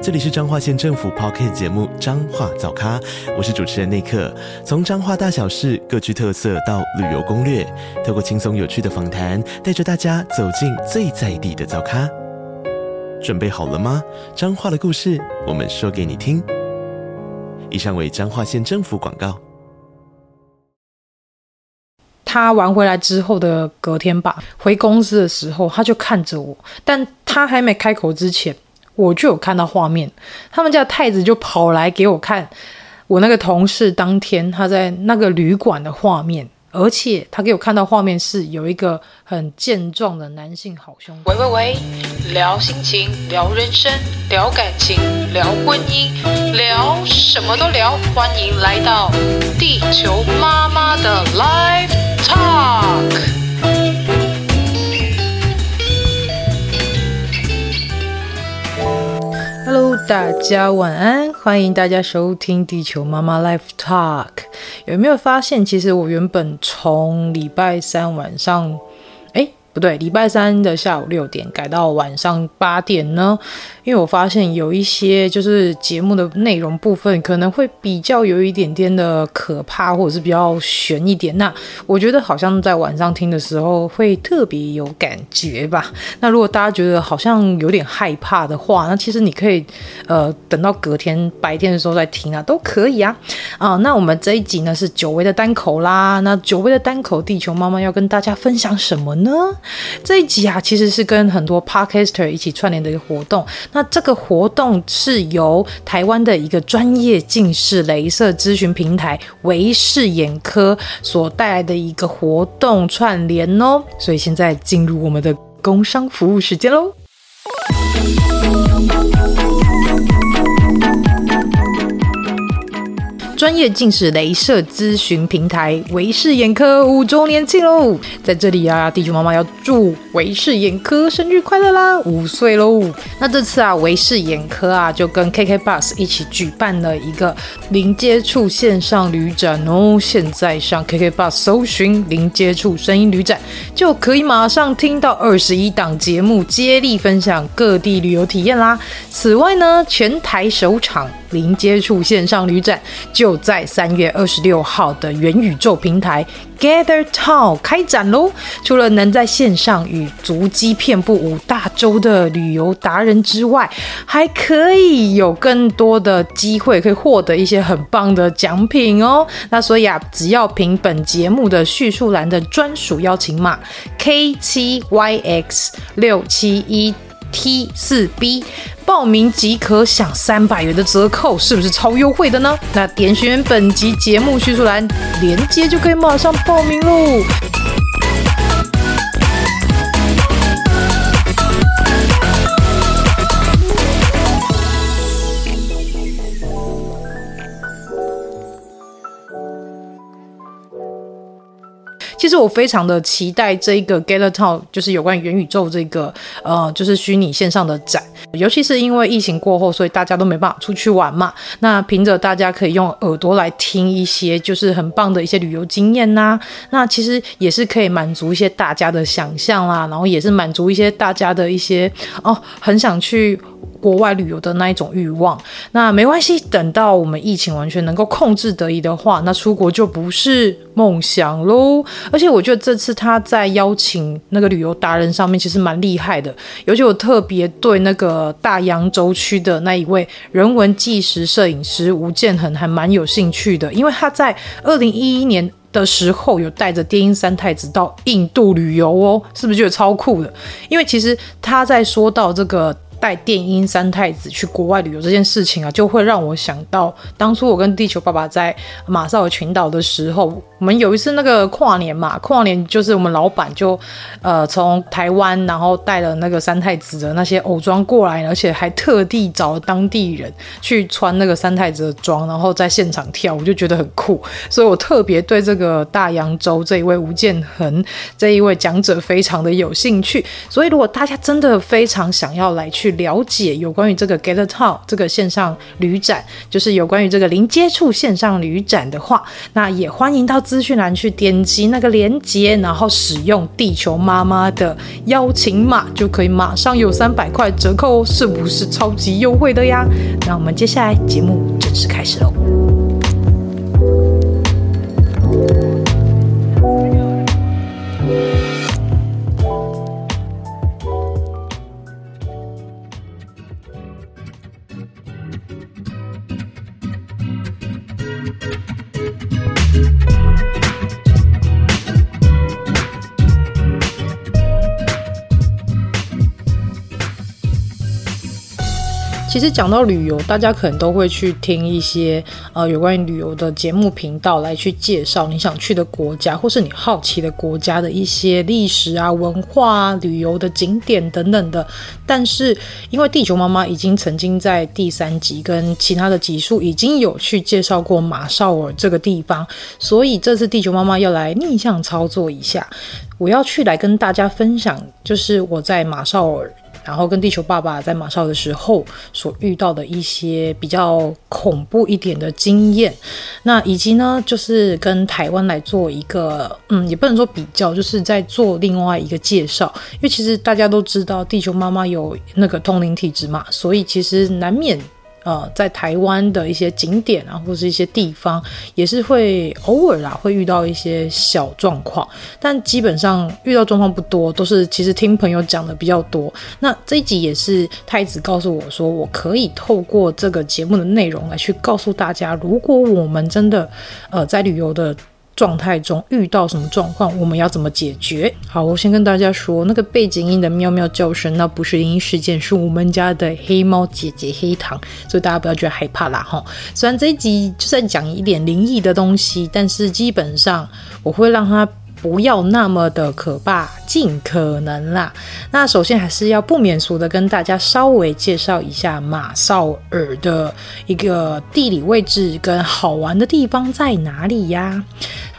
這裡是彰化縣政府 Podcast 節目《彰化早咖》，我是主持人內克。從彰化大小事各具特色到旅遊攻略，透過輕鬆有趣的訪談，帶着大家走進最在地的早咖。準備好了嗎？彰化的故事，我們說給你聽。以上為彰化縣政府廣告。他玩回來之後的隔天吧，回公司的時候，他就看着我，但他還沒開口之前，我就有看到畫面，他們家太子就跑來給我看我那個同事當天他在那個旅館的畫面，而且他給我看到畫面是有一個很健壯的男性好兄弟。喂喂喂，聊心情，聊人生，聊感情，聊婚姻，聊什麼都聊，歡迎來到地球媽媽的 Life Talk。大家晚安，歡迎大家收聽地球媽媽 Life Talk。有沒有發現，其實我原本從禮拜三晚上，誒，不對，禮拜三的下午六點改到晚上八點呢？因為我發現有一些就是節目的內容部分可能會比較有一點點的可怕，或者是比較懸一點。那我覺得好像在晚上聽的時候會特別有感覺吧？那如果大家覺得好像有點害怕的話，那其實你可以呃等到隔天白天的時候再聽啊，都可以啊。啊、呃，那我們這一集呢是久違的單口啦。那久違的單口，地球媽媽要跟大家分享什麼呢？這一集啊其實是跟很多 podcaster 一起串聯的一個活動。那這個活動是由台灣的一個專業近視雷射諮詢平台濰視眼科所帶來的一個活動串聯哦，所以現在進入我們的工商服務時間嘍。專業近視雷射諮詢平台濰視眼科五週年慶嘍！在這裡啊，地球媽媽要祝濰視眼科生日快樂啦，五歲嘍！那這次啊，濰視眼科啊，就跟 KKBOX 一起舉辦了一個零接觸線上旅展哦。現在上 KKBOX 搜尋“零接觸聲音旅展”，就可以馬上聽到二十一檔節目接力分享各地旅遊體驗啦。此外呢，全台首場零接觸線上旅展就。就在三月二十六號的元宇宙平台 Gather Town 開展嘍！除了能在線上與足跡遍布五大洲的旅遊達人之外，還可以有更多的機會可以獲得一些很棒的獎品哦。那所以啊，只要憑本節目的敘述欄的專屬邀請碼 K7YX671。T 四 B 報名即可享三百元的折扣，是不是超優惠的呢？那點選本集節目敘述欄鏈接就可以馬上報名嘍。其實我非常的期待這一個 Gather Town 就是有關元宇宙這個，呃，就是虛擬線上的展。尤其是因為疫情過後，所以大家都沒辦法出去玩嘛。那憑着大家可以用耳朵來聽一些，就是很棒的一些旅遊經驗吶、啊。那其實也是可以滿足一些大家的想象啦、啊，然後也是滿足一些大家的一些，哦，很想去。國外旅遊的那一種欲望，那沒關係。等到我們疫情完全能夠控制得宜的話，那出國就不是夢想嘍。而且我覺得這次他在邀請那個旅遊達人上面其實蠻厲害的，尤其我特別對那個大洋洲區的那一位人文紀實攝影師吳建衡還蠻有興趣的，因為他在二零一一年的時候有帶着電音三太子到印度旅遊哦，是不是就有超酷的？因為其實他在說到這個。帶電音三太子去國外旅遊這件事情啊，就會讓我想到當初我跟地球爸爸在馬紹爾群島的時候，我們有一次那個跨年嘛，跨年就是我們老闆就，呃，從台灣然後帶了那個三太子的那些偶裝過來，而且還特地找了當地人去穿那個三太子的裝，然後在現場跳，我就覺得很酷，所以我特別對這個大洋洲這一位吳建衡這一位講者非常的有興趣，所以如果大家真的非常想要來去。去了解有關於這個 Gather Town 這個線上旅展，就是有關於這個零接觸線上旅展的話，那也歡迎到資訊欄去點擊那個鏈接，然後使用地球媽媽的邀請碼，就可以馬上有三百塊折扣哦，是不是超級優惠的呀？那我們接下來節目正式開始嘍。其實講到旅遊，大家可能都會去聽一些呃有關於旅遊的節目頻道來去介紹你想去的國家或是你好奇的國家的一些歷史啊、文化啊、旅遊的景點等等的。但是因為地球媽媽已經曾經在第三集跟其他的集數已經有去介紹過馬紹爾這個地方，所以這次地球媽媽要來逆向操作一下，我要去來跟大家分享，就是我在馬紹爾。然後跟地球爸爸在馬紹的時候所遇到的一些比較恐怖一點的經驗，那以及呢，就是跟台灣來做一個，嗯，也不能說比較，就是在做另外一個介紹，因為其實大家都知道地球媽媽有那個通靈體質嘛，所以其實難免。呃，在台灣的一些景點啊，或是一些地方，也是會偶爾啦，會遇到一些小狀況，但基本上遇到狀況不多，都是其實聽朋友講的比較多。那這一集也是太子告訴我說，我可以透過這個節目的內容來去告訴大家，如果我們真的，呃，在旅遊的。狀態中遇到什麼狀況，我們要怎麼解決？好，我先跟大家說，那個背景音的喵喵叫聲，那不是靈異事件，是我們家的黑貓姐姐黑糖，所以大家不要覺得害怕啦哈。雖然這一集就算講一點靈異的東西，但是基本上我會讓它。不要那麼的可怕，盡可能啦。那首先還是要不免俗的跟大家稍微介紹一下馬紹爾的一個地理位置跟好玩的地方在哪裡呀？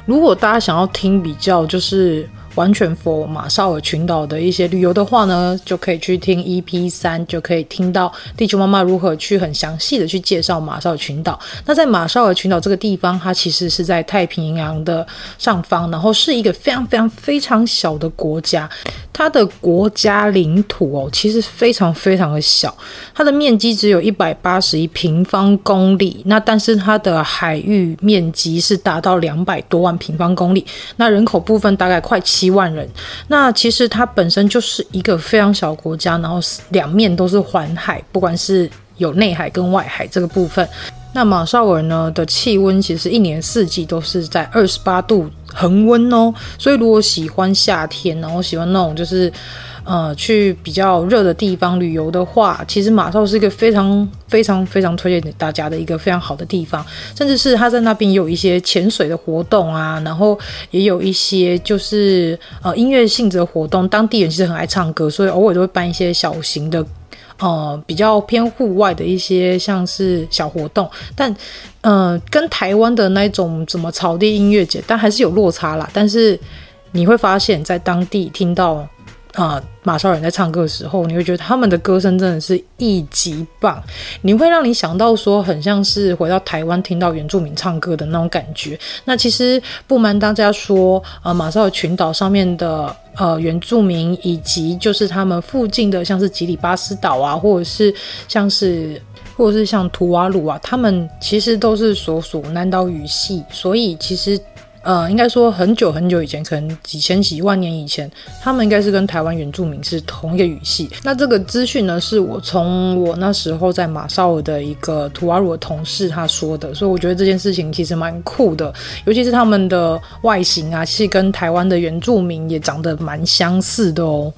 如果大家想要聽比較就是。完全 f 馬紹爾群島的一些旅遊的話呢，就可以去聽 EP 三，就可以聽到地球媽媽如何去很詳細的去介紹馬紹爾群島。那在馬紹爾群島這個地方，它其實是在太平洋的上方，然後是一個非常非常非常非常小的國家。它的國家領土哦，其實非常非常的小，它的面積只有一百八十一平方公里。那但是它的海域面積是達到兩百多萬平方公里。那人口部分大概快七。萬人，那其實它本身就是一個非常小的國家，然後兩面都是環海，不管是有內海跟外海這個部分。那馬紹爾呢的氣溫其實一年四季都是在二十八度恆溫哦，所以如果喜歡夏天，然後喜歡那種就是，呃，去比較熱的地方旅遊的話，其實馬紹爾是一個非常非常非常推薦給大家的一個非常好的地方，甚至是他在那邊有一些潛水的活動啊，然後也有一些就是呃音樂性質的活動，當地人其實很愛唱歌，所以偶爾都會辦一些小型的歌。呃、嗯，比較偏戶外的一些，像是小活動，但，呃、嗯，跟台灣的那種什麼草地音樂節，但還是有落差啦。但是你會發現在當地聽到。啊、呃，馬紹爾在唱歌的時候，你會覺得他們的歌聲真的是一級棒，你會讓你想到說，很像是回到台灣聽到原住民唱歌的那種感覺。那其實不瞞大家說，呃，馬紹爾群島上面的呃原住民，以及就是他們附近的，像是吉里巴斯島啊，或者是像是或者是像吐瓦魯啊，他們其實都是所屬南島語系，所以其實。呃、嗯，應該說很久很久以前，可能幾千幾萬年以前，他們應該是跟台灣原住民是同一個語系。那這個資訊呢，是我從我那時候在馬紹爾的一個圖瓦魯的同事他說的，所以我覺得這件事情其實蠻酷的，尤其是他們的外形啊，是跟台灣的原住民也長得蠻相似的哦。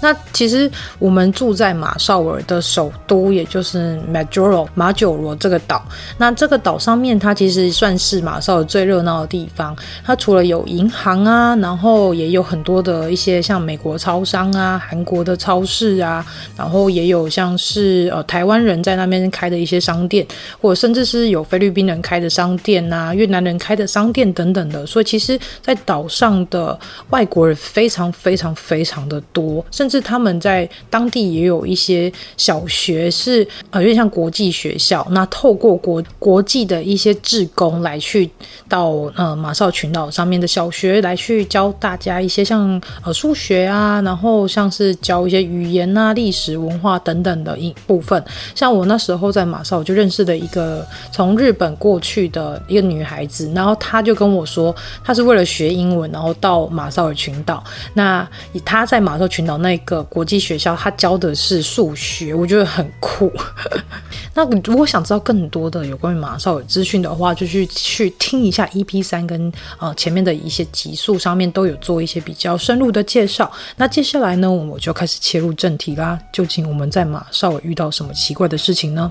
那其實我們住在馬紹爾的首都，也就是 Majuro 馬九羅這個島。那這個島上面，它其實算是馬紹爾最熱鬧的地方。它除了有銀行啊，然後也有很多的一些像美國超商啊、韓國的超市啊，然後也有像是呃台灣人在那邊開的一些商店，或者甚至是有菲律賓人開的商店啊、越南人開的商店等等的。所以其實，在島上的外國人非常非常非常的多。甚至他們在當地也有一些小學是呃，有點像國際學校。那透過國國際的一些志工來去到呃馬紹群島上面的小學來去教大家一些像呃數學啊，然後像是教一些語言啊、歷史、文化等等的一部分。像我那時候在馬紹，我就認識的一個從日本過去的一個女孩子，然後她就跟我說，她是為了學英文，然後到馬紹爾群島。那她在馬紹群島。那個國際學校，他教的是數學，我覺得很酷。 那如果想知道更多的有關於馬紹爾資訊的話，就去去聽一下 EP 三跟、呃、前面的一些集數，上面都有做一些比較深入的介紹。那接下來呢，我們就開始切入正題啦。究竟我們在馬紹爾遇到什麼奇怪的事情呢？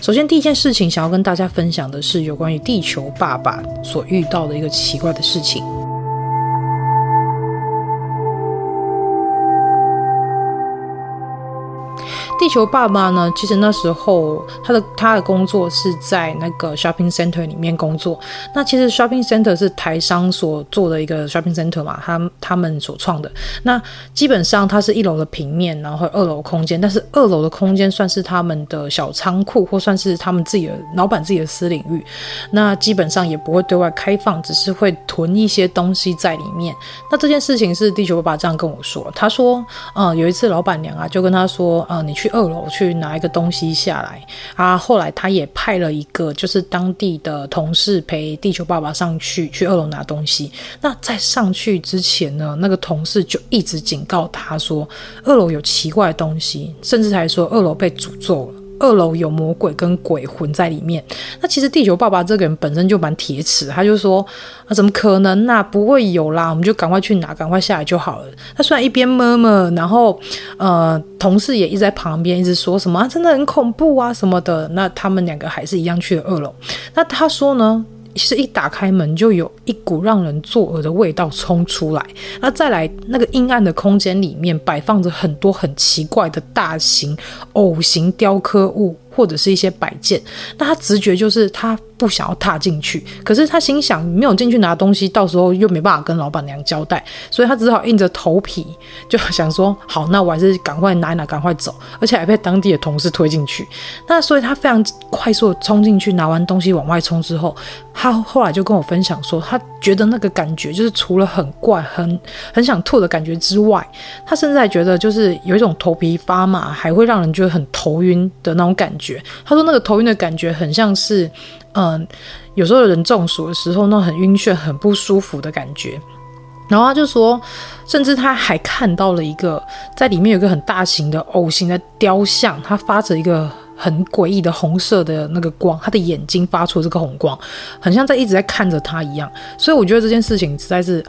首先，第一件事情想要跟大家分享的是有關於地球爸爸所遇到的一個奇怪的事情。地球爸爸呢，其實那時候他的他的工作是在那個 shopping center 裡面工作。那其實 shopping center 是台商所做的一個 shopping center 嘛，他他們所創的。那基本上它是一樓的平面，然後二樓空間。但是二樓的空間算是他們的小倉庫，或算是他們自己的老闆自己的私領域。那基本上也不會對外開放，只是會囤一些東西在裡面。那這件事情是地球爸爸這樣跟我說。他說，嗯、呃，有一次老闆娘啊就跟他說，嗯、呃，你去。二樓去拿一個東西下來啊，後來他也派了一個就是當地的同事陪地球爸爸上去，去二樓拿東西。那在上去之前呢，那個同事就一直警告他說，二樓有奇怪的東西，甚至還說二樓被詛咒了。二樓有魔鬼跟鬼魂在裡面，那其實地球爸爸這個人本身就蠻鐵齒，他就說啊，怎麼可能呢、啊？不會有啦，我們就趕快去拿，趕快下來就好了。他雖然一邊摸悶，然後呃，同事也一直在旁邊一直說什麼、啊，真的很恐怖啊什麼的，那他們兩個還是一樣去了二樓。那他說呢？是一打開門就有一股讓人作嘔的味道衝出來，那再來那個陰暗的空間裡面擺放着很多很奇怪的大型偶形雕刻物或者是一些擺件，那他直覺就是他。不想要踏進去，可是他心想沒有進去拿東西，到時候又沒辦法跟老闆娘交代，所以他只好硬着頭皮，就想說好，那我還是趕快拿一拿，趕快走，而且還被當地的同事推進去。那所以他非常快速的衝進去，拿完東西往外衝之後，他後來就跟我分享說，他覺得那個感覺就是除了很怪，很很想吐的感覺之外，他甚至還覺得就是有一種頭皮發麻，還會讓人覺得很頭暈的那種感覺。他說那個頭暈的感覺很像是，嗯，有時候有人中暑的時候，那很暈眩、很不舒服的感覺。然後他就說，甚至他還看到了一個，在裡面有一個很大型的偶形的雕像，它發着一個很詭異的紅色的那個光，他的眼睛發出了這個紅光，很像在一直在看着他一樣。所以我覺得這件事情實在是。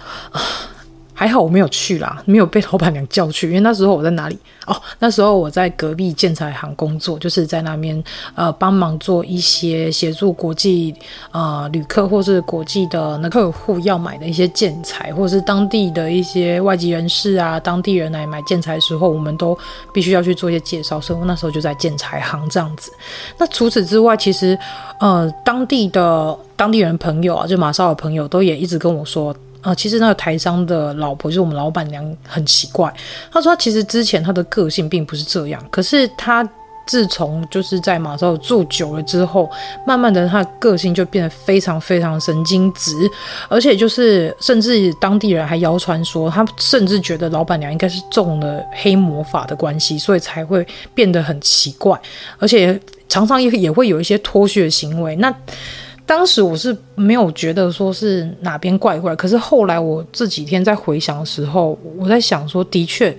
還好我沒有去啦，沒有被老闆娘叫去，因為那時候我在哪裡？哦，oh，那時候我在隔壁建材行工作，就是在那邊呃幫忙做一些協助國際啊、呃、旅客或是國際的那客戶要買的一些建材，或是當地的一些外籍人士啊、當地人來買建材的時候，我們都必須要去做一些介紹。所以我那時候就在建材行這樣子。那除此之外，其實呃當地的當地人朋友啊，就馬紹爾朋友都也一直跟我說。啊、呃，其實那個臺商的老婆就是我們老闆娘，很奇怪。她說，其實之前她的個性並不是這樣，可是她自從就是在馬紹住久了之後，慢慢的她的個性就變得非常非常神經質，而且就是甚至當地人還謠傳說，她甚至覺得老闆娘應該是中了黑魔法的關係，所以才會變得很奇怪，而且常常也也會有一些脫序的行為。那。當時我是沒有覺得說是哪邊怪怪，可是後來我這幾天在回想的時候，我在想說，的確，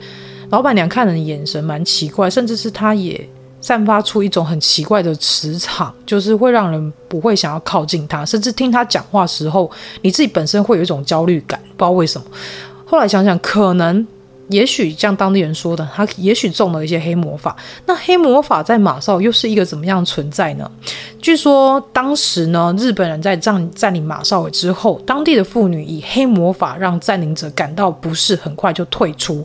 老闆娘看人的眼神蠻奇怪，甚至是她也散發出一種很奇怪的磁場，就是會讓人不會想要靠近她，甚至聽她講話的時候，你自己本身會有一種焦慮感，不知道為什麼。後來想想，可能。也許像當地人說的，他也許中了一些黑魔法。那黑魔法在馬紹又是一個怎麼樣存在呢？據說當時呢，日本人在占佔領馬紹爾之後，當地的婦女以黑魔法讓佔領者感到不適，很快就退出。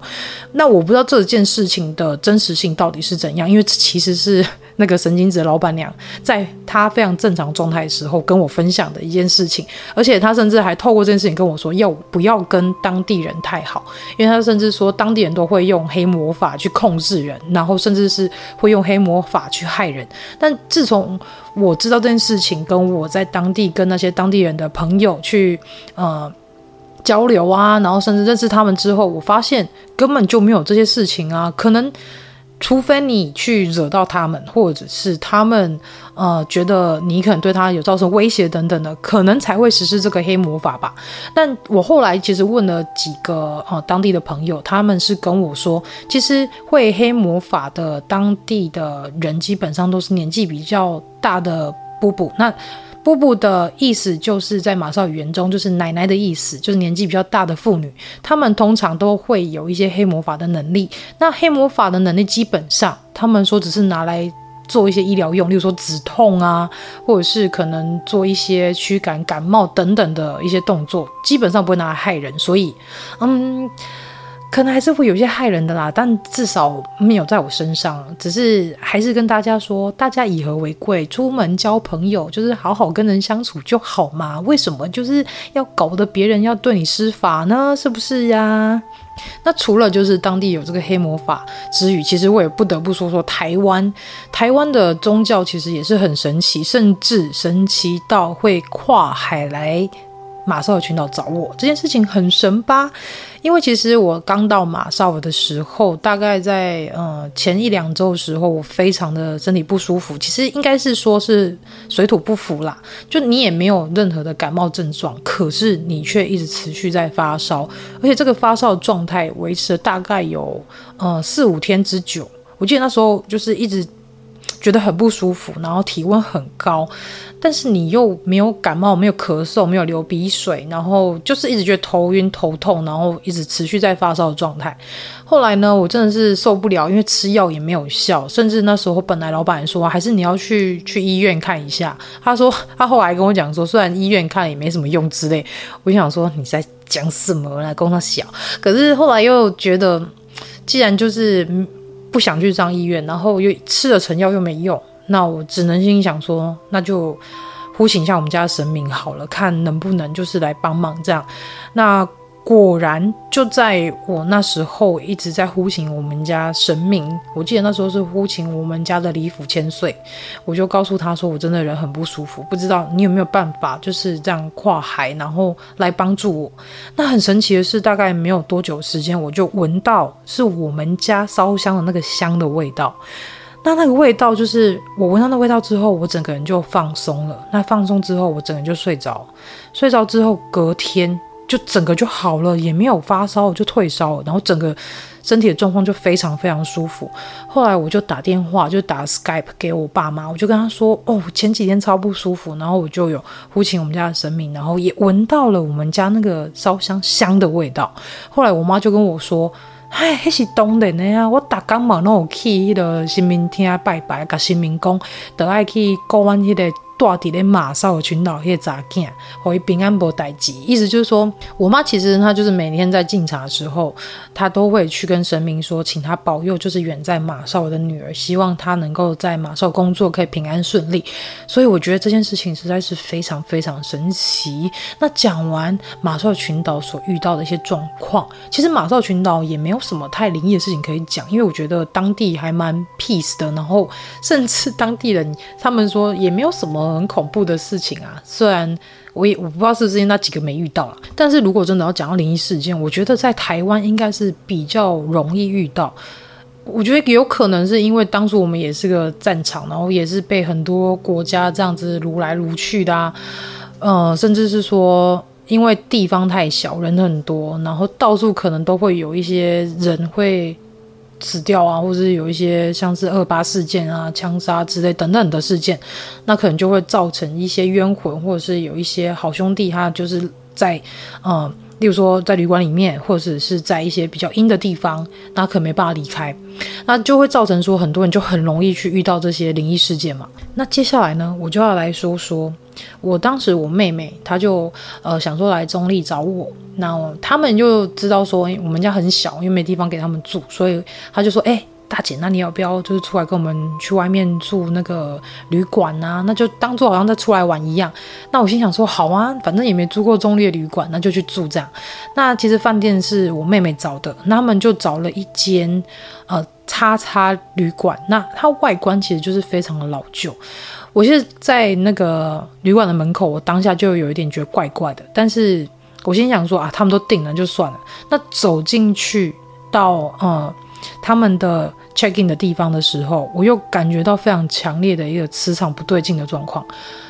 那我不知道這件事情的真實性到底是怎樣，因為其實是那個神經質老闆娘在她非常正常狀態的時候跟我分享的一件事情，而且她甚至還透過這件事情跟我說，要不要跟當地人太好，因為她甚至說。當地人都會用黑魔法去控制人，然後甚至是會用黑魔法去害人。但自從我知道這件事情，跟我在當地跟那些當地人的朋友去呃交流啊，然後甚至認識他們之後，我發現根本就沒有這些事情啊，可能。除非你去惹到他們，或者是他們，呃，覺得你可能對他有造成威脅等等的，可能才會實施這個黑魔法吧。但我後來其實問了幾個呃當地的朋友，他們是跟我說，其實會黑魔法的當地的人基本上都是年紀比較大的布布，那姑姑的意思就是在馬少語言中，就是奶奶的意思，就是年紀比較大的婦女，她們通常都會有一些黑魔法的能力。那黑魔法的能力基本上，她們說只是拿來做一些醫療用，例如說止痛啊，或者是可能做一些驅趕感冒等等的一些動作，基本上不會拿來害人。所以，嗯。可能還是會有些害人的啦，但至少沒有在我身上。只是還是跟大家說，大家以和為貴，出門交朋友就是好好跟人相處就好嘛。為什麼就是要搞得別人要對你施法呢？是不是呀？那除了就是當地有這個黑魔法之外，其實我也不得不說說台灣。台灣的宗教其實也是很神奇，甚至神奇到會跨海來馬紹爾群島找我，這件事情很神吧？因為其實我剛到馬紹爾的時候，大概在呃前一兩周的時候，我非常的身體不舒服。其實應該是說是水土不服啦，就你也沒有任何的感冒症狀，可是你卻一直持續在發燒，而且這個發燒的狀態維持了大概有呃四五天之久。我記得那時候就是一直。覺得很不舒服，然後體溫很高，但是你又沒有感冒，沒有咳嗽，沒有流鼻水，然後就是一直覺得頭暈頭痛，然後一直持續在發燒的狀態。後來呢，我真的是受不了，因為吃藥也沒有效，甚至那時候本來老闆說還是你要去去醫院看一下，他說他後來跟我講說，雖然醫院看也沒什麼用之類，我想說你在講什麼來跟我笑？可是後來又覺得，既然就是。不想去上醫院，然後又吃了成藥又沒用，那我只能心想說，那就呼請一下我們家的神明好了，看能不能就是來幫忙這樣，那。果然，就在我那時候一直在呼請我們家神明，我記得那時候是呼請我們家的李府千歲，我就告訴他說，我真的人很不舒服，不知道你有沒有辦法，就是這樣跨海，然後來幫助我。那很神奇的是，大概沒有多久時間，我就聞到是我們家燒香的那個香的味道。那那個味道就是我聞到那味道之後，我整個人就放鬆了。那放鬆之後，我整個人就睡着，睡着之後隔天。就整個就好了，也沒有發燒，就退燒，然後整個身體的狀況就非常非常舒服。後來我就打電話，就打 Skype 給我爸媽，我就跟他說：哦，前幾天超不舒服，然後我就有呼請我們家的神明，然後也聞到了我們家那個燒香香的味道。後來我媽就跟我說：哎，那是當然的啊，我打幹嘛那有去的神明廳拜拜，甲神明工等愛去過完迄個。到底在馬紹爾群島遐咋樣？會平安無代志，意思就是說，我媽其實她就是每天在敬茶的時候，她都會去跟神明說，請她保佑，就是遠在馬紹爾的女兒，希望她能夠在馬紹爾工作可以平安順利。所以我覺得這件事情實在是非常非常神奇。那講完馬紹爾群島所遇到的一些狀況，其實馬紹群島也沒有什麼太靈異的事情可以講，因為我覺得當地還蠻 peace 的，然後甚至當地人他們說也沒有什麼。很恐怖的事情啊！雖然我也我不知道是不是因那幾個沒遇到了，但是如果真的要講到靈異事件，我覺得在台灣應該是比較容易遇到。我覺得有可能是因為當初我們也是個戰場，然後也是被很多國家這樣子擄來擄去的啊，呃，甚至是說因為地方太小，人很多，然後到處可能都會有一些人會。死掉啊，或者是有一些像是二八事件啊、槍殺之類等等的事件，那可能就會造成一些冤魂，或者是有一些好兄弟他就是在，嗯。例如說，在旅館裡面，或者是在一些比較陰的地方，那可沒辦法離開，那就會造成說，很多人就很容易去遇到這些靈異事件嘛。那接下來呢，我就要來說說，我當時我妹妹，她就呃想說來中壢找我，那他們就知道說，欸，我們家很小，又沒地方給他們住，所以她就說，哎、欸。大姐，那你要不要就是出來跟我們去外面住那個旅館呢、啊？那就當做好像在出來玩一樣。那我心想說，好啊，反正也沒住過中立旅館，那就去住這樣。那其實飯店是我妹妹找的，那他們就找了一間呃叉叉旅館。那它外觀其實就是非常的老舊。我是在那個旅館的門口，我當下就有一點覺得怪怪的。但是我心想說啊，他們都訂了就算了。那走進去到呃。他們的 check in 的地方的時候，我又感覺到非常強烈的一個磁場不對勁的狀況。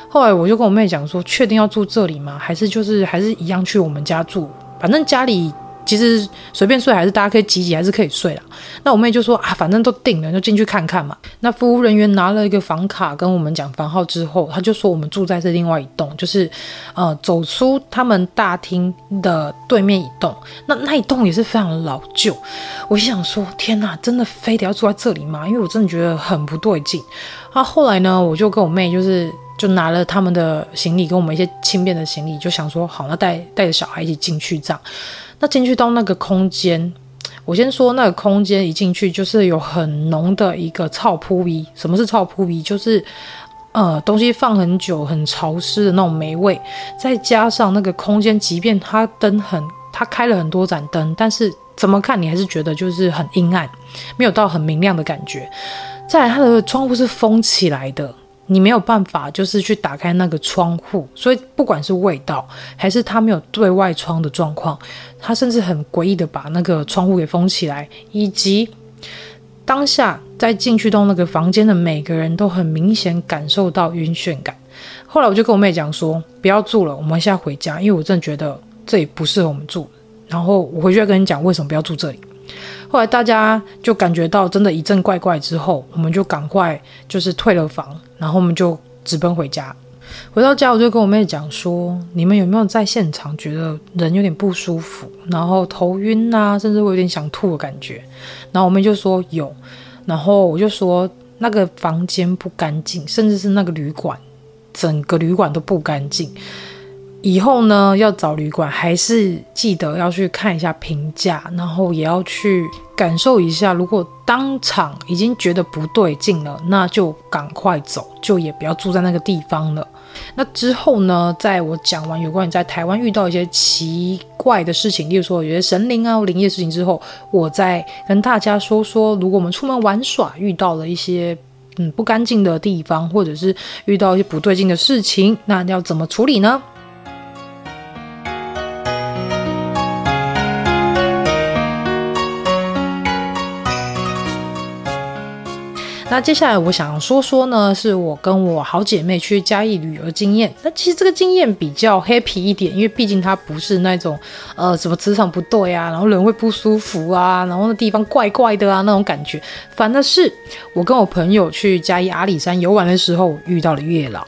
後來我就跟我妹講說，確定要住這裡嗎？還是就是還是一樣去我們家住，反正家裡。其實隨便睡，還是大家可以擠擠，還是可以睡啦。那我妹就說啊，反正都定了，就進去看看嘛。那服務人員拿了一個房卡跟我們講房號之後，他就說我們住在這另外一棟，就是呃走出他們大廳的對面一棟。那那一棟也是非常的老舊。我心想說，天哪，真的非得要住在這裡嗎？因為我真的覺得很不對勁啊。後來呢，我就跟我妹就是。就拿了他們的行李，跟我們一些輕便的行李，就想說好，那帶帶着小孩一起進去這樣。那進去到那個空間，我先說那個空間一進去就是有很濃的一個臭撲鼻。什麼是臭撲鼻？就是呃東西放很久很潮濕的那種黴味，再加上那個空間，即便它燈很它開了很多盞燈，但是怎麼看你還是覺得就是很陰暗，沒有到很明亮的感覺。再來，它的窗戶是封起來的。你沒有辦法，就是去打開那個窗戶，所以不管是味道，還是它沒有對外窗的狀況，他甚至很詭異的把那個窗戶給封起來，以及當下在進去到那個房間的每個人都很明顯感受到暈眩感。後來我就跟我妹講說，不要住了，我們現在回家，因為我真的覺得這裡不適合我們住。然後我回去再跟你講為什麼不要住這裡。後來大家就感覺到真的一陣怪怪之後，我們就趕快就是退了房。然後我們就直奔回家，回到家我就跟我妹講說：“你們有沒有在現場覺得人有點不舒服，然後頭暈啊，甚至會有點想吐的感覺？”然後我妹就說有，然後我就說那個房間不乾淨，甚至是那個旅館，整個旅館都不乾淨。以後呢，要找旅館還是記得要去看一下評價，然後也要去感受一下。如果當場已經覺得不對勁了，那就趕快走，就也不要住在那個地方了。那之後呢，在我講完有關於在台灣遇到一些奇怪的事情，例如說有些神靈啊靈異的事情之後，我再跟大家說說，如果我們出門玩耍遇到了一些嗯不乾淨的地方，或者是遇到一些不對勁的事情，那要怎麼處理呢？那接下來我想說說呢，是我跟我好姐妹去嘉義旅遊的經驗。那其實這個經驗比較 happy 一點，因為畢竟它不是那種，呃，什麼磁場不對啊，然後人會不舒服啊，然後那地方怪怪的啊那種感覺。反而是我跟我朋友去嘉義阿里山遊玩的時候，遇到了月老。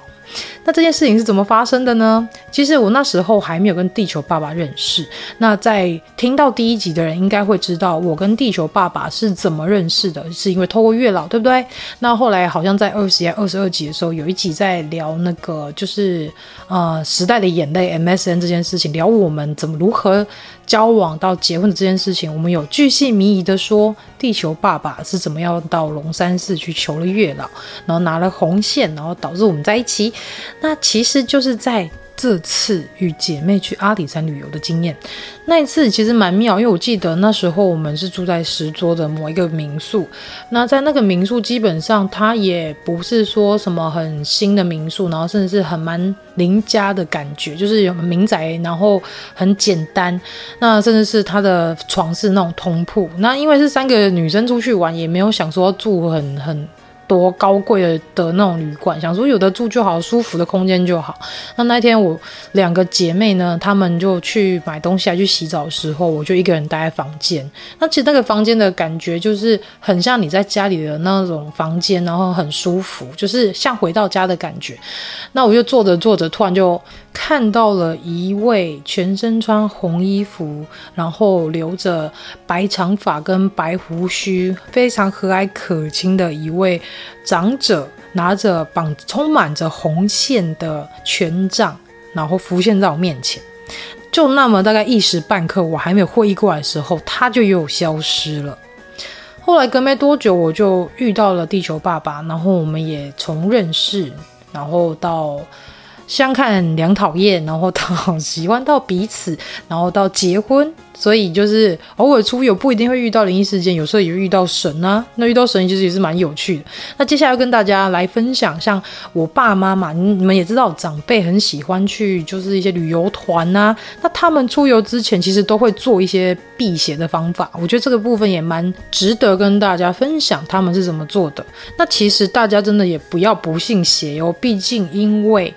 那這件事情是怎麼發生的呢？其實我那時候還沒有跟地球爸爸認識。那在聽到第一集的人應該會知道，我跟地球爸爸是怎麼認識的，是因為透過月老，對不對？那後來好像在二十、二十二集的時候，有一集在聊那個，就是、呃、時代的眼淚 MSN 這件事情，聊我們怎麼如何。交往到結婚的這件事情，我們有巨細靡遺的說，地球爸爸是怎麼樣到龍山寺去求了月老，然後拿了紅線，然後導致我們在一起。那其實就是在。這次與姐妹去阿里山旅遊的經驗，那一次其實蠻妙，因為我記得那時候我們是住在石桌的某一個民宿。那在那個民宿，基本上它也不是說什麼很新的民宿，然後甚至是很蠻鄰家的感覺，就是有民宅，然後很簡單。那甚至是它的床是那種通鋪。那因為是三個女生出去玩，也沒有想說要住很很。多高貴的的那種旅館，想說有的住就好，舒服的空間就好。那那天我兩個姐妹呢，她們就去買東西，去洗澡的時候，我就一個人待在房間。那其實那個房間的感覺就是很像你在家裡的那種房間，然後很舒服，就是像回到家的感覺。那我就坐着坐着，突然就。看到了一位全身穿紅衣服，然後留着白長髮跟白鬍鬚，非常和藹可親的一位長者，拿着綁充滿着紅線的權杖，然後浮現在我面前。就那麼大概一時半刻，我還沒有會意過來的時候，他就又消失了。後來隔沒多久，我就遇到了地球爸爸，然後我們也從認識，然後到，相看兩討厭，然後到喜歡到彼此，然後到結婚，所以就是偶爾出遊不一定會遇到靈異事件，有時候也會遇到神啊。那遇到神其實也是蠻有趣的。那接下來要跟大家來分享，像我爸媽嘛，你們也知道，長輩很喜歡去，就是一些旅遊團啊。那他們出遊之前，其實都會做一些避邪的方法。我覺得這個部分也蠻值得跟大家分享，他們是怎麼做的。那其實大家真的也不要不信邪哦，畢竟因為。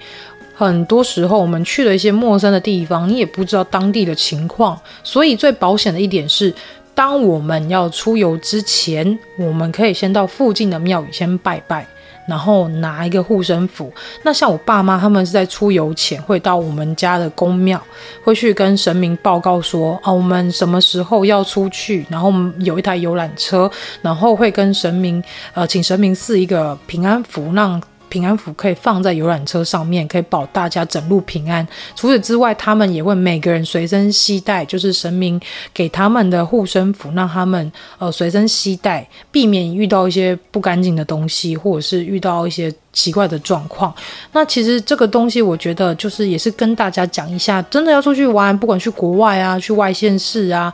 很多時候，我們去了一些陌生的地方，你也不知道當地的情況，所以最保險的一點是，當我們要出遊之前，我們可以先到附近的廟宇先拜拜，然後拿一個護身符。那像我爸媽他們是在出遊前會到我們家的宮廟，會去跟神明報告說，啊，我們什麼時候要出去，然後有一台遊覽車，然後會跟神明，呃，請神明賜一個平安符，讓。平安符可以放在遊覽車上面，可以保大家整路平安。除此之外，他們也會每個人隨身攜帶，就是神明給他們的護身符，讓他們呃隨身攜帶，避免遇到一些不乾淨的東西，或者是遇到一些奇怪的狀況。那其實這個東西，我覺得就是也是跟大家講一下，真的要出去玩，不管去國外啊，去外縣市啊。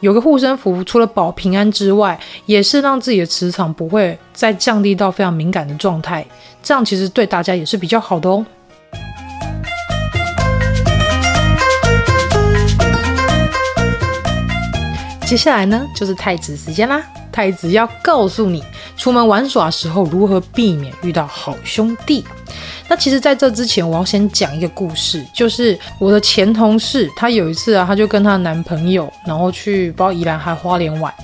有個護身符，除了保平安之外，也是讓自己的磁場不會再降低到非常敏感的狀態，這樣其實對大家也是比較好的哦。接下來呢，就是太子時間啦。太子要告訴你，出門玩耍時候如何避免遇到好兄弟。那其實在這之前，我要先講一個故事，就是我的前同事，她有一次啊，她就跟她的男朋友，然後去包宜蘭還花蓮玩。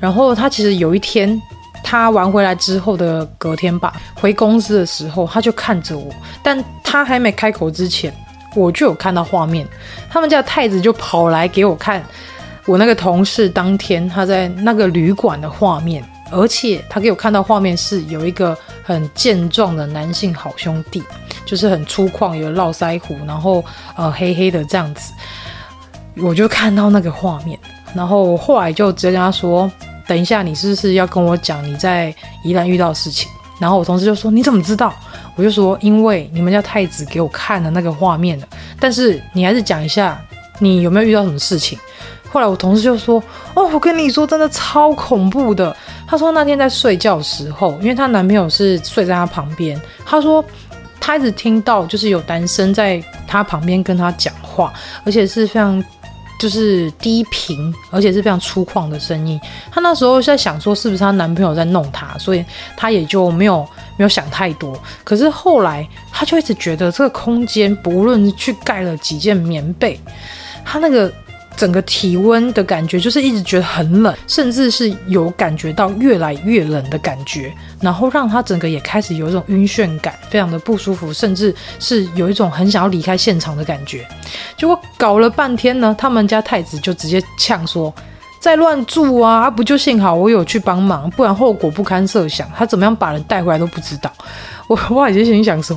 然後她其實有一天，她玩回來之後的隔天吧，回公司的時候，她就看着我，但她還沒開口之前，我就有看到畫面，他們家太子就跑來給我看。我那個同事當天他在那個旅館的畫面，而且他給我看到畫面是有一個很健壯的男性好兄弟，就是很粗獷，有絡腮鬍，然後呃黑黑的這樣子，我就看到那個畫面，然後後來就直接跟他說：“等一下，你是不是要跟我講你在宜蘭遇到的事情？”然後我同事就說：“你怎麼知道？”我就說：“因為你們家太子給我看了那個畫面了。”但是你還是講一下，你有沒有遇到什麼事情？後來我同事就說：“哦，我跟你說，真的超恐怖的。”她說那天在睡覺的時候，因為她男朋友是睡在她旁邊。她說她一直聽到就是有男生在她旁邊跟她講話，而且是非常就是低頻，而且是非常粗獷的聲音。她那時候在想說是不是她男朋友在弄她，所以她也就沒有沒有想太多。可是後來她就一直覺得這個空間，不論去蓋了幾件棉被，她那個。整個體溫的感覺就是一直覺得很冷，甚至是有感覺到越來越冷的感覺，然後讓他整個也開始有一種暈眩感，非常的不舒服，甚至是有一種很想要離開現場的感覺。結果搞了半天呢，他們家太子就直接嗆說：“再亂住啊，不就幸好我有去幫忙，不然後果不堪設想，他怎麼樣把人帶回來都不知道。”我我已經心想說，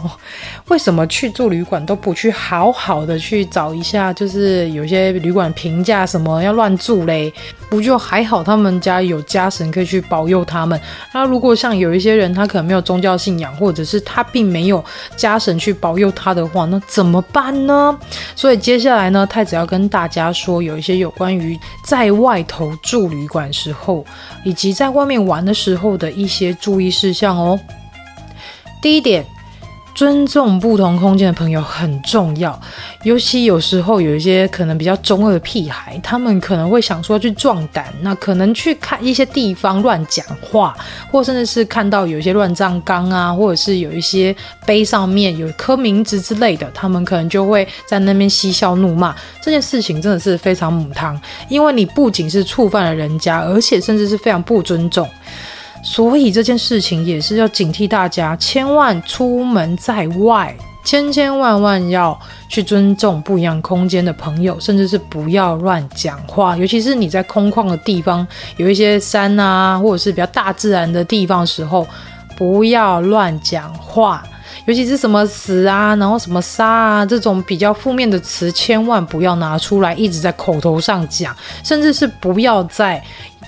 為什麼去住旅館都不去好好的去找一下？就是有些旅館評價什麼要亂住嘞，不就還好，他們家有家神可以去保佑他們。那如果像有一些人，他可能沒有宗教信仰，或者是他並沒有家神去保佑他的話，那怎麼辦呢？所以接下來呢，太子要跟大家說，有一些有關於在外頭住旅館時候，以及在外面玩的時候的一些注意事項哦。第一點，尊重不同空間的朋友很重要。尤其有時候有一些可能比較中二的屁孩，他們可能會想說去壯膽，那可能去看一些地方亂講話，或甚至是看到有一些亂葬崗啊，或者是有一些碑上面有刻名字之類的，他們可能就會在那邊嬉笑怒罵。這件事情真的是非常母湯，因為你不僅是觸犯了人家，而且甚至是非常不尊重。所以這件事情也是要警惕大家，千萬出門在外，千千萬萬要去尊重不一樣空間的朋友，甚至是不要亂講話。尤其是你在空曠的地方，有一些山啊，或者是比較大自然的地方的時候，不要亂講話。尤其是什麼死啊，然後什麼殺啊這種比較負面的詞，千萬不要拿出來一直在口頭上講，甚至是不要在。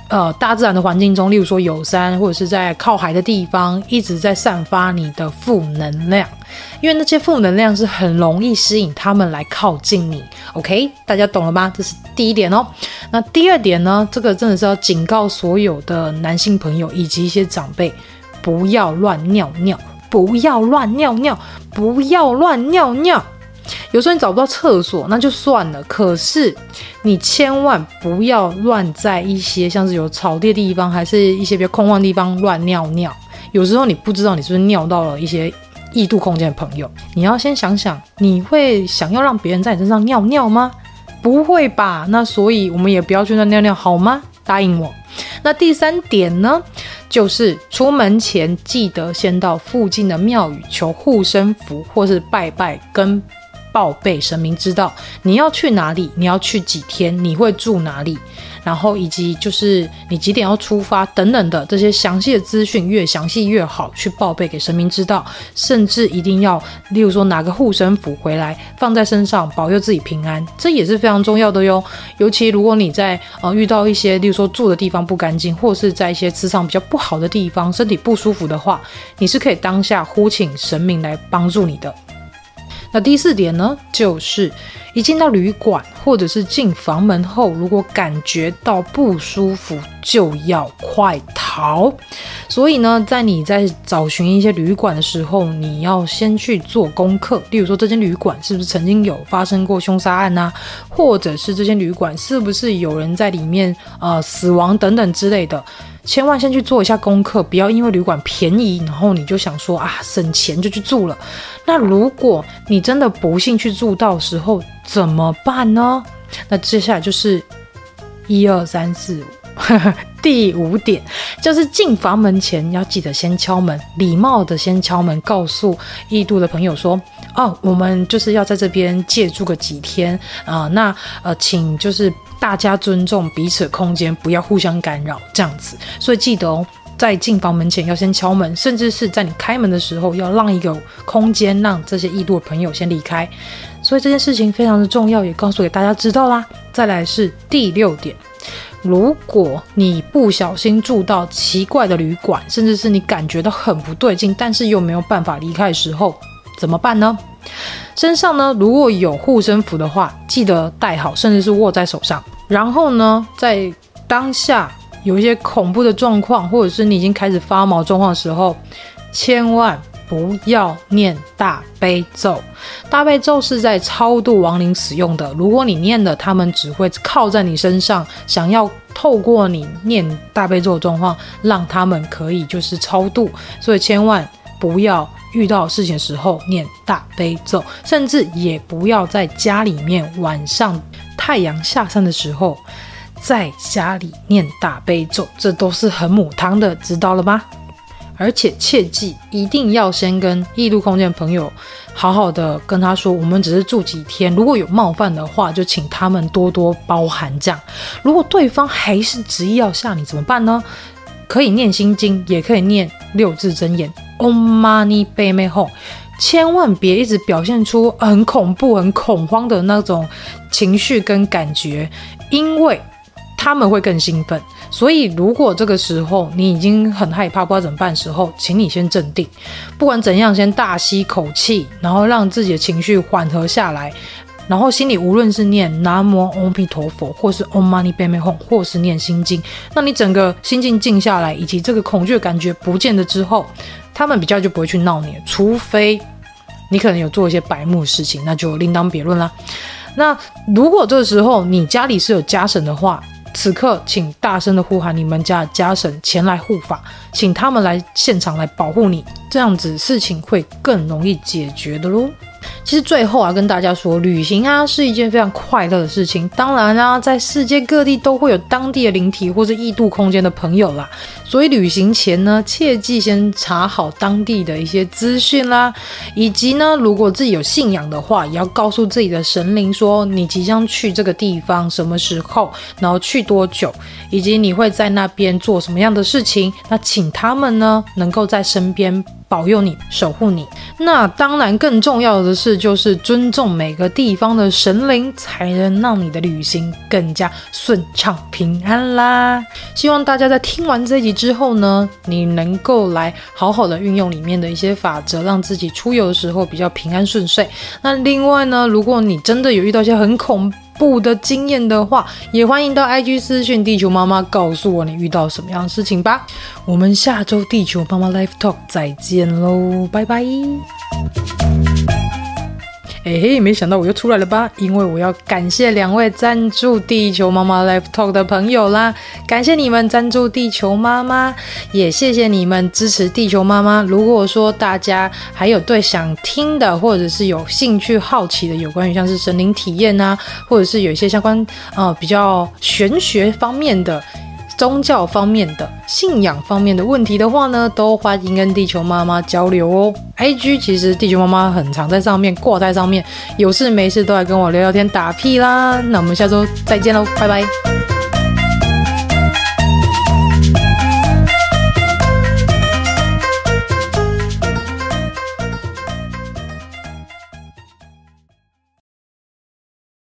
呃，大自然的環境中，例如說有山，或者是在靠海的地方，一直在散發你的負能量，因為那些負能量是很容易吸引他們來靠近你。OK，大家懂了嗎？這是第一點哦。那第二點呢？這個真的是要警告所有的男性朋友以及一些長輩，不要亂尿尿，不要亂尿尿，不要亂尿尿。有時候你找不到廁所，那就算了。可是你千萬不要亂在一些像是有草地的地方，還是一些比較空曠的地方亂尿尿。有時候你不知道你是不是尿到了一些異度空間的朋友，你要先想想，你會想要讓別人在你身上尿尿嗎？不會吧？那所以我們也不要去亂尿尿，好嗎？答應我。那第三點呢，就是出門前記得先到附近的廟宇求護身符，或是拜拜跟，報備神明知道你要去哪裡，你要去幾天，你會住哪裡，然後以及就是你幾點要出發等等的這些詳細的資訊，越詳細越好去報備給神明知道。甚至一定要，例如說拿個護身符回來放在身上，保佑自己平安，這也是非常重要的喲。尤其如果你在呃遇到一些，例如說住的地方不乾淨，或是在一些磁場比較不好的地方，身體不舒服的話，你是可以當下呼請神明來幫助你的。那第四點呢，就是一進到旅館或者是進房門後，如果感覺到不舒服，就要快逃。所以呢，在你在找尋一些旅館的時候，你要先去做功課。例如說，這間旅館是不是曾經有發生過凶殺案啊？或者是這間旅館是不是有人在裡面啊、呃、死亡等等之類的。千萬先去做一下功課，不要因為旅館便宜，然後你就想說啊，省錢就去住了。那如果你真的不幸去住，到時候怎麼辦呢？那接下來就是一二三四五， 第五點就是進房門前要記得先敲門，禮貌的先敲門，告訴異度的朋友說，哦、啊，我們就是要在這邊借住個幾天啊，那呃，請就是。大家尊重彼此空間，不要互相干擾，這樣子。所以記得哦，在進房門前要先敲門，甚至是在你開門的時候，要讓一個空間，讓這些異度的朋友先離開。所以這件事情非常的重要，也告訴給大家知道啦。再來是第六點，如果你不小心住到奇怪的旅館，甚至是你感覺到很不對勁，但是又沒有辦法離開的時候，怎麼辦呢？身上呢，如果有護身符的話，記得戴好，甚至是握在手上。然後呢，在當下有一些恐怖的狀況，或者是你已經開始發毛狀況的時候，千萬不要念大悲咒。大悲咒是在超度亡靈使用的，如果你念了，他們只會靠在你身上，想要透過你念大悲咒的狀況，讓他們可以就是超度。所以千萬，不要遇到事情的時候念大悲咒，甚至也不要在家裡面晚上太陽下山的時候在家裡念大悲咒，這都是很母湯的，知道了嗎？而且切記一定要先跟異度空間朋友好好的跟他說，我們只是住幾天，如果有冒犯的話，就請他們多多包涵這樣。如果對方還是執意要嚇你怎麼辦呢？可以念心經，也可以念六字真言。Oh, m o n e b a 千萬別一直表現出很恐怖、很恐慌的那種情緒跟感覺，因為他們會更興奮。所以，如果這個時候你已經很害怕、不知道怎麼辦時候，請你先鎮定，不管怎樣，先大吸口氣，然後讓自己的情緒緩和下來。然後心裡無論是念南無阿彌陀佛，或是唵嘛呢叭咪吽，或是念心經，那你整個心境靜下來，以及這個恐懼感覺不見了之後，他們比較就不會去鬧你，除非你可能有做一些白目事情，那就另當別論啦。那如果這時候你家裡是有家神的話，此刻請大聲的呼喊你們家的家神前來護法，請他們來現場來保護你，這樣子事情會更容易解決的嘍。其實最後啊，跟大家說，旅行啊是一件非常快樂的事情。當然啦、啊，在世界各地都會有當地的靈體或是異度空間的朋友啦，所以旅行前呢，切記先查好當地的一些資訊啦，以及呢，如果自己有信仰的話，也要告訴自己的神靈說，你即將去這個地方，什麼時候，然後去多久，以及你會在那邊做什麼樣的事情，那請他們呢，能夠在身邊。保佑你，守護你。那當然，更重要的是，就是尊重每個地方的神靈，才能讓你的旅行更加順暢平安啦。希望大家在聽完這一集之後呢，你能夠來好好的運用裡面的一些法則，讓自己出遊的時候比較平安順遂。那另外呢，如果你真的有遇到一些很恐怖不的經驗的話，也歡迎到 IG 私訊地球媽媽，告訴我你遇到什麼樣的事情吧。我們下周地球媽媽 Life Talk 再見嘍，拜拜。哎、欸、嘿，沒想到我又出來了吧？因為我要感謝兩位贊助《地球媽媽 Life Talk》的朋友啦，感謝你們贊助《地球媽媽》，也謝謝你們支持《地球媽媽》。如果說大家還有對想聽的，或者是有興趣、好奇的，有關於像是神靈體驗啊，或者是有一些相關呃比較玄學方面的。宗教方面的信仰方面的問題的話呢，都歡迎跟地球媽媽交流哦。IG 其實地球媽媽很常在上面掛在上面，有事沒事都來跟我聊聊天打屁啦。那我們下周再見嘍，拜拜。